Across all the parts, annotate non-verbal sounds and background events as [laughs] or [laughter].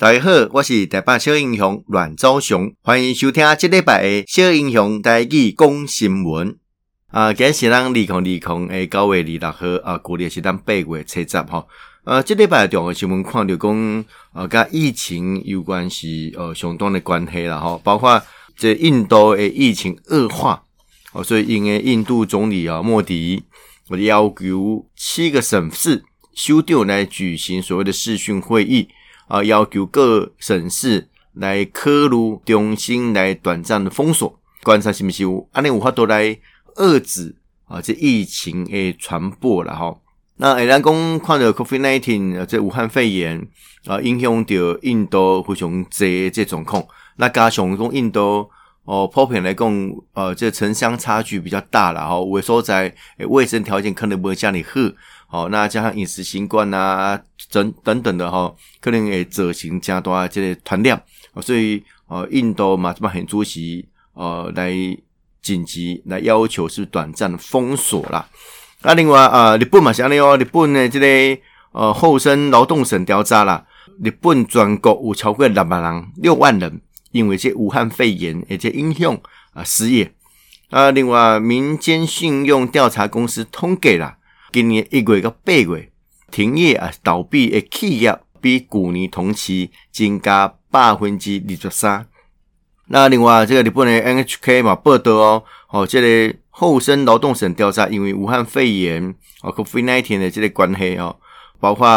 大家好，我是台北小英雄阮昭雄，歡迎收聽啊，這禮拜嘅小英雄台語講新聞啊、呃，今日是咱利空利空誒九月二六號，啊、呃，國咧是咱八月七十哈，呃，這禮拜的重要新聞，看到講啊，甲疫情有關係，呃，相當的關係啦吼，包括這印度誒疫情惡化，哦、呃，所以因為印度總理啊、呃、莫迪，我、呃、要求七個省市首長來舉行所謂的視訊會議。啊，要求各省市來考慮重新來短暫的封鎖觀察是不是有？是，安尼有法度來遏止啊，這疫情誒傳播了哈、哦。那誒、哎，咱講看了 COVID-19、啊、這武漢肺炎啊，影響到印度非常這這種控。那加上講印度哦，普遍來講，呃，這城鄉差距比較大了哈、哦，有的所在，呃，衛生條件可能不會像你好。好、哦，那加上飲食習慣啊，等等等的哈、哦，可能也執行加大這些團量，所以哦、呃，印度馬這麼很主席哦來緊急來要求是短暫封鎖了。那另外啊、呃，日本嘛，安你哦，日本的這個呃厚生勞動省調查啦，日本全國有超過六萬人六萬人因為這武漢肺炎而且影響啊、呃、失業。啊，另外民間信用調查公司統計了。今年一月到八月，停業啊、倒閉的企業比去年同期增加百分之二十三。那另外，這個日本的 NHK 嘛報道哦，哦，這個厚生勞動省調查，因為武漢肺炎哦，COVID-19 的這個關係哦，包括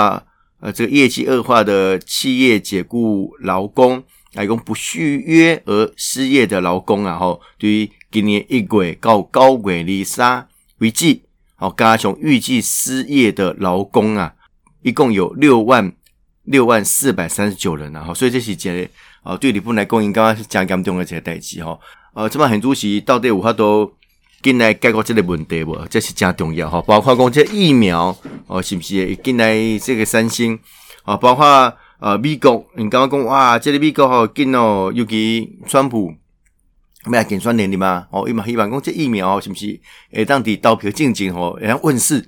呃這個業績惡化的企業解雇勞工，還有不續約而失業的勞工啊，哈、哦，對於今年一月到九月二十三為止。哦，高雄預計失業的勞工啊，一共有六萬六萬四百三十九人啊。哈、哦，所以這是一個哦，對日本來講應該剛剛是真嚴重的這個代志哈。呃，這麼很多是到底有好多進來解決這個問題無？這是真重要哈、哦，包括講這疫苗哦，是不是進來這個三星啊、哦，包括呃美國，你剛剛講哇，這裡、個、美國好近哦，尤其川普。買減酸點的嘛，哦，伊嘛希望講這疫苗、哦、是不是誒當地刀片靜靜吼，然後、哦、問世，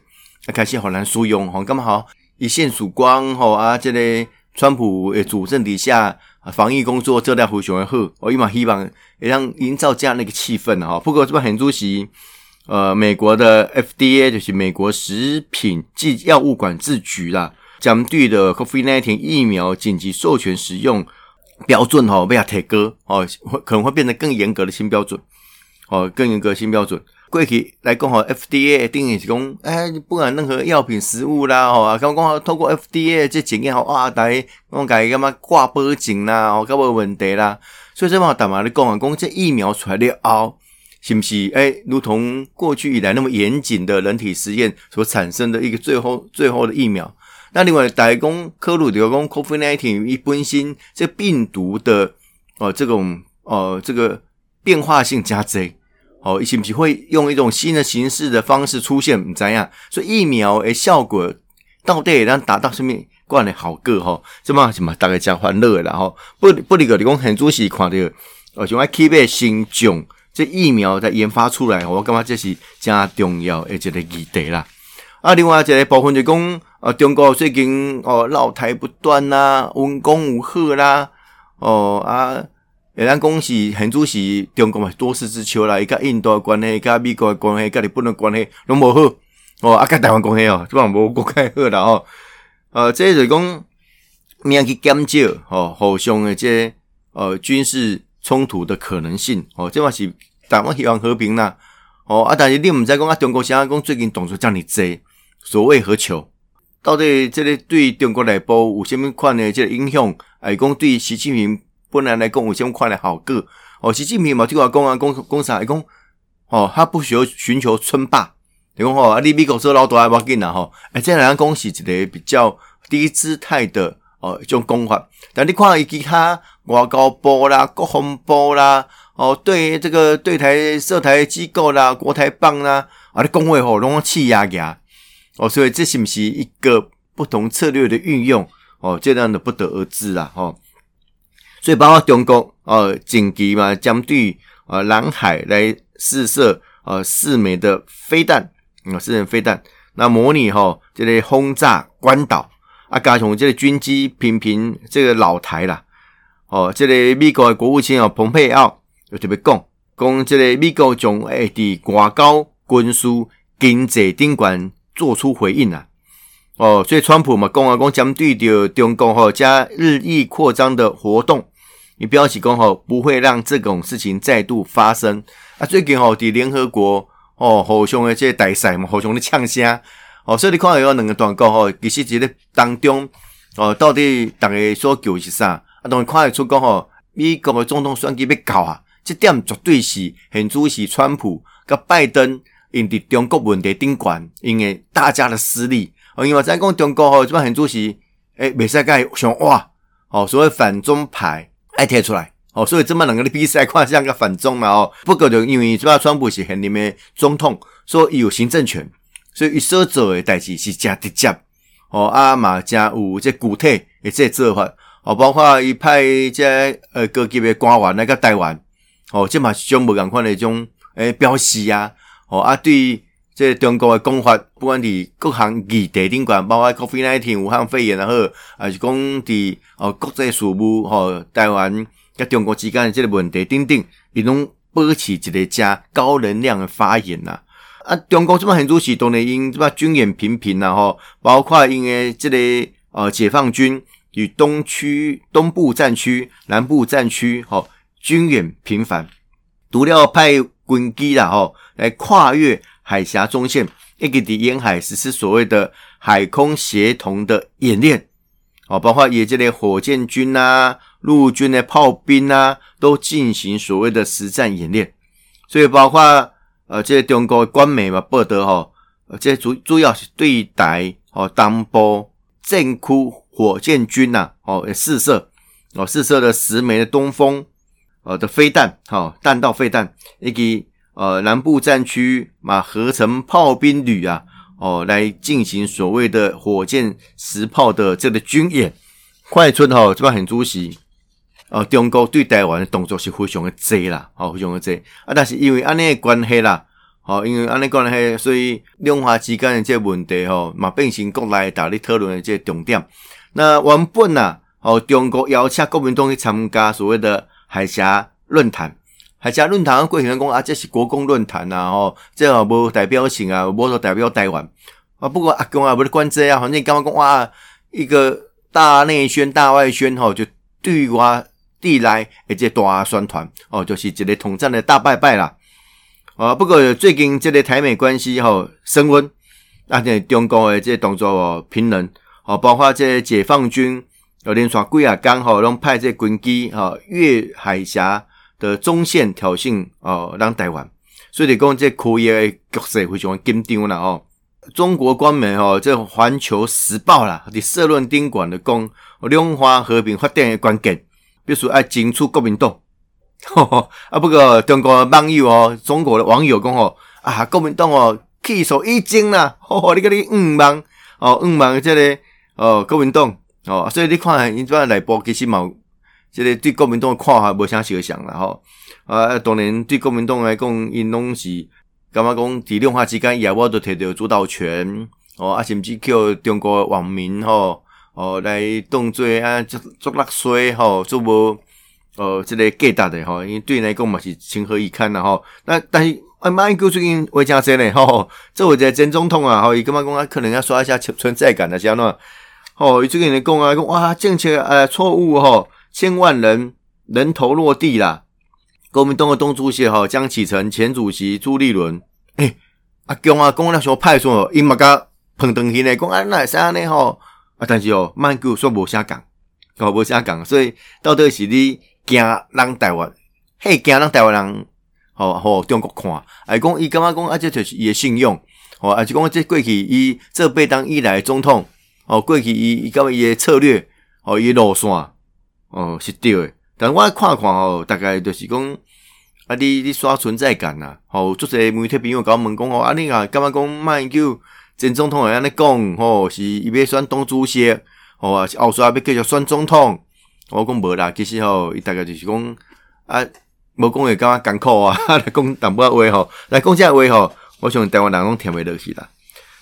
啊開始好難使用吼，咁、哦、好一線曙光吼、哦、啊！這裡、個、川普誒主政底下，防疫工作做得非常的好，伊、哦、嘛希望誒讓營造這樣那個氣氛哈、哦。不過這邊很主席，呃，美國的 FDA 就是美國食品及藥物管制局啦，針對的 COVID-19 疫苗緊急授權使用。標準吼、哦，不要太高哦，可能會變得更嚴格的新標準哦，更嚴格的新標準。過去來講吼，FDA 定義是講，哎、欸，不管任何藥品、食物啦，吼、哦，啊，剛剛講透過 FDA 這檢驗吼，哇、啊，大家講家干嘛掛保證啦，哦，干嘛問題啦。所以這嘛，打嘛的講啊，講這疫苗出來哦，是不是？哎、欸，如同過去以來那麼嚴謹的人體實驗所產生的一個最後、最後的疫苗。那另外，逐個科魯理工 COVID-19 伊本身，這病毒的哦、呃，這種呃，這個變化性誠濟，哦，伊是毋是會用一種新的形式的方式出現毋知影？所以疫苗誒效果到底能達到啥物掛的好個哈？怎麼什麼逐個加歡樂然後不不離個你工很注意看這個哦，像埃克貝新種這疫苗在研發出來，我感覺這是加重要一個議題啦。啊，另外一個部分就說、是啊，中國最近哦，擾台不斷啦，文攻武嚇啦，哦啊，咱講是，現主席，中國嘛多事之秋啦，伊甲印度誒關係，甲美國誒關係，甲日本誒關係，攏無好，哦啊，甲台灣關係哦，即話無國界好啦哦這，呃，即是講免去減少吼，互相的這呃軍事衝突的可能性，哦，即嘛是台灣希望和平啦，哦啊，但是你毋知講啊，中國誰阿公最近動作遮爾濟，所謂何求？到底這個對中國內部有甚麼款的這個影響？哎、啊，講對習近平本人來講有甚麼款的效果？哦，習近平嘛，即話講啊，講講啥？哎，講、啊、哦，他不需要求尋求稱霸，對講哦，啊，你美國這老大還無要緊吼？哎、啊啊，這兩人講是一個比較低姿態的哦一種講法。但你看他其他外交部啦、國防部啦，哦，對這個對台涉台機構啦、國台辦啦，啊，你講話吼攏氣壓嘅。哦，所以這是不是一個不同策略的運用？哦，這樣的不得而知啦。哦，所以包括中國，哦、呃，近期嘛，針對呃南海來試射呃四枚的飛彈，啊、哦，四枚飛彈，那模擬吼、哦，這個轟炸關島，啊，加上這個軍機頻頻這個老台啦。哦，這個美國的國務卿哦，蓬佩奧就特別講，講這個美國將會在外交、軍事、經濟頂管做出回應啊，哦，所以川普嘛，講啊，講針對着中共吼、哦、加日益擴張的活動，伊表示講吼、哦、不會讓這種事情再度發生啊。最近吼佇聯合國哦，互相的這個大賽嘛，互相的嗆聲哦。所以你看有兩個段講吼，其實這個當中哦，到底大家所求是啥？啊，都會看得出講吼、哦，美國的總統選舉要搞啊，這點絕對是現主時川普跟拜登。因佇中國問題頂懸，因個大家的私利，哦，因為咱講中國吼，即陣現主席，誒，袂使甲伊相哇，吼，所以在在反中派愛貼出來，吼，所以即怎兩個夠比賽看像甲反中嘛？吼，不過就因為即陣川普是現任的總統，所以伊有行政權，所以伊所做誒代志是誠直接，吼，啊嘛誠有即具體誒即做法，哦，包括伊派即呃高級誒官員來甲台灣，哦，即嘛是種無同款嘅種誒標識啊。哦啊，對於這個中國的講法，不管你各行各業頂管包括 COVID-19、武漢肺炎，啊，後，還是講哋哦國際事務、吼、哦、台灣甲中國之間的這個問題等，頂，伊攏保持一個加高能量的發言吶、啊。啊，中國這麼很多次，當然因這麼軍演頻頻啦，吼，包括因為這類、個、呃解放軍與東區、東部戰區、南部戰區，吼、哦，軍演頻繁，獨料派。軍機啦，哦，來跨越海峽中線，一個在沿海實施所謂的海空協同的演練，哦，包括也就是火箭軍吶、啊、陸軍的炮兵啦、啊，都進行所謂的實戰演練。所以包括呃，這些、個、中國官媒嘛，報導哈，這主、個、主要是對台哦，東部戰區火箭軍吶、啊，哦、呃，試射哦、呃，試射了十枚的東風。呃、哦、的飛彈，好、哦、彈道飛彈，以及呃南部戰區嘛合成炮兵旅啊，哦來進行所謂的火箭實炮的這個軍演。快春吼、哦、這邊很出息哦中國對待我們的動作是非常的多啦，哦非常的多啊，但是因為安尼關係啦，哦因為安尼關係，所以兩岸之間的這個問題吼、哦、嘛變成國內大力討論的這個重點。那原本吶、啊，哦中國邀請國民黨去參加所謂的。海峽論壇，海峽論壇，貴前公啊，這是國共論壇吶，吼、哦，這啊無代表性啊，無代表台灣啊。不過阿也沒啊，公啊不是管這啊，反正剛剛公哇，一個大內宣、大外宣吼、哦，就對哇地來的這個大，的且多啊雙團哦，就是一個統戰的大拜拜啦。啊，不過最近這個台美關係吼、哦、升溫，啊，這個、中國誒這個動作評論、哦，哦，包括這個解放軍。要連串鬼啊講吼，派這軍機越海峽的中線挑釁讓台灣，所以講這可局勢非常緊張。中國官媒這《環球時報》啦，在社論頂館的講，兩岸和平發展的關鍵，必須愛爭取國民黨、啊，不過中國的網友中國的網友講啊國民黨氣數已盡啦，呵呵你你問問問問這裡、個、哦、國民黨。哦，所以你看，因遮內部其實嘛，即個對國民黨個看法無啥相像啦。吼、哦。啊，當然對國民黨來講，因攏是感覺講，佇兩岸之間，伊也無都摕着主導權吼、哦，啊甚至叫中國網民吼，哦來當做啊足足垃圾吼，做無哦，即、啊哦呃這個 g e 誒吼，因為對因來講嘛是情何以堪啦吼、哦。但但是啊，馬英九最近為蝦子咧吼，作、哦、為一個前總統啊，吼伊感覺講，啊，可能要刷一下存存在感的，像那。吼伊這個人講啊，講哇，政策誒錯誤吼，千萬人人頭落地啦。國民黨誒黨主席吼、哦，江啟臣、前主席朱立倫，誒、欸，啊江啊，講那歹勢，伊嘛甲捧場誒，講啊，會使安尼吼？啊，但是哦，曼谷說無啥講，我無啥講，所以到底是你驚人台灣，嘿，驚人台灣人，吼、哦、吼，中國看，哎，講伊感覺講啊即就是伊誒信用，吼啊是講即過去伊這被當一來的總統。哦，過去伊伊搞伊誒策略，哦伊誒路線，哦是對誒，但我看看吼，大概就是講，啊你你刷存在感吶、啊。吼足儕媒體朋友甲我問講吼，啊你若感覺講賣叫前總統會安尼講吼，是伊要選黨主席，哦是後續啊要繼續選總統。哦、我講無啦，其實吼、哦，伊大概就是講啊，無講會感覺艱苦啊， [laughs] 來講淡薄仔話吼，來講遮話吼，我想台灣人攏聽袂落去啦。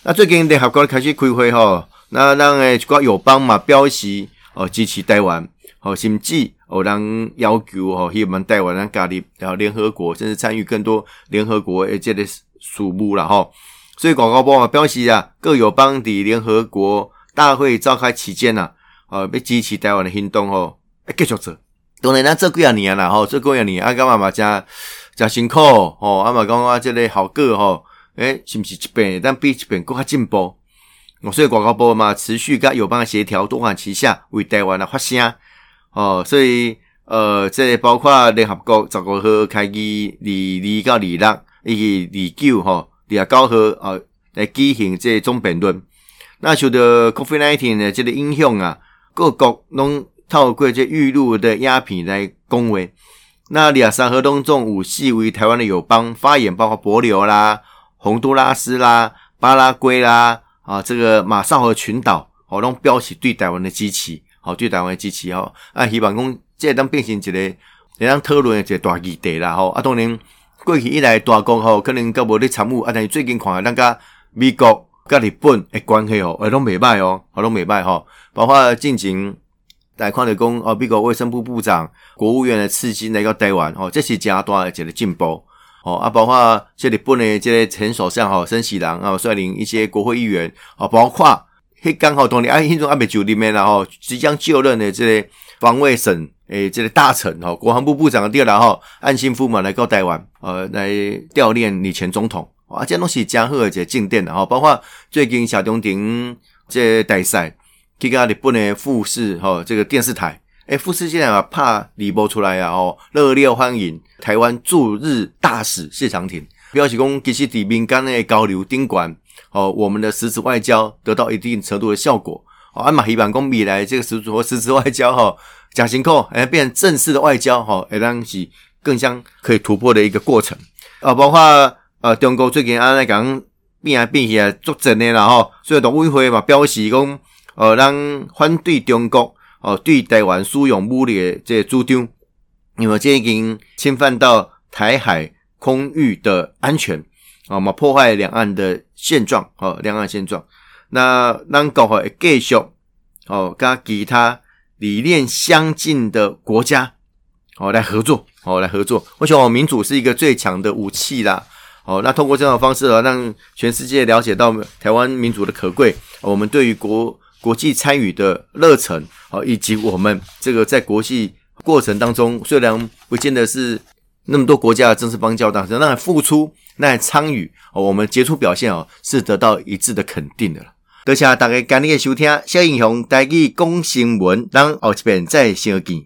啊最近聯合國開始開會吼。那這個友邦嘛標示哦，支持台灣哦，甚至有人哦，讓要求哦，他們台灣人加入然後聯合國，甚至參與更多聯合國誒這類事務啦吼、哦、所以廣告部嘛，標示啊，各友邦的。聯合國大會召開期間吶，哦、啊呃，要支持台灣的行動吼、哦、要繼續做。當然，咱做幾啊年啦吼做幾啊年啊，阿媽嘛真真辛苦吼、哦、啊嘛講我這個好過吼哎，是不是一遍，但比一遍更加進步。我所以外交部嘛，持續跟友邦協調，多管齊下為台灣的發聲。哦，所以呃，這包括聯合國、十五號開議二二到二六以及二九哈，二九、哦、號啊、哦、來舉行這總辯論。那受到 COVID-19 的這個影響啊，各國攏透過這預錄的鴉片來恭維。那二三號當中有四位為台灣的友邦發言，包括帛琉啦、宏都拉斯啦、巴拉圭啦。啊，這個馬紹爾群島，好、哦，攏表示對台灣的支持，吼、哦，對台灣的支持吼、哦。啊，希望講，即當變成一個，會當討論也一個大議題啦，吼、哦。啊，當然過去以來大國吼、哦，可能較無咧參與，啊，但是最近看誒咱甲美國甲日本誒關係吼，而攏袂歹哦，吼、哦，攏袂歹吼。包括進行在看的講，啊、哦，美國衛生部部長、國務院的次級來到台灣，吼、哦，這是加大誒一個進步。哦，啊，包括這日本的這些前首相吼、哦、森喜朗啊、哦，率領一些國會議員啊、哦，包括天、哦，嘿，剛好同你阿英總阿美就裡面然後、哦、即將就任的這些防衛省誒，這個大臣吼、哦、國防部部長的調到哈，岸、哦、信夫嘛來到台灣，呃，來調練李前總統，哦、啊，這都是西江戶一且進展的哈，包括最近小中庭這個大賽，去到日本的富士吼、哦、這個電視台。誒、欸，富士電視台啊，拍直播出來啊，哦，熱烈歡迎台灣駐日大使謝長廷，表示講其實在民間的交流、頂懸，哦，我們的實質外交得到一定程度的效果。哦、啊，嘛，希望講未來這個實質和實質外交哈，誠辛苦哎，變成正式的外交哈，哎、哦，當是更像可以突破的一個過程啊，包括呃，中國最近安那講變啊變起來作陣的了哈、哦，所以董偉輝嘛，表示講呃，讓反對中國。哦，對台灣使用武力的這些主張，因為這已經侵犯到台海空域的安全，哦，嘛破壞兩岸的現狀，哦，兩岸現狀。那讓各國繼續，哦，跟其他理念相近的國家，哦，來合作，哦，來合作。我想，我們民主是一個最強的武器啦。哦，那通過這種方式，讓全世界了解到台灣民主的可貴。我們對於國。國際參與的熱忱，哦，以及我們這個在國際過程當中，雖然不見得是那麼多國家的正式邦交，但是那付出，那參與，我們傑出表現哦，是得到一致的肯定的了。閣下大概今日收聽小英雄帶去講新聞，等後幾遍再相見。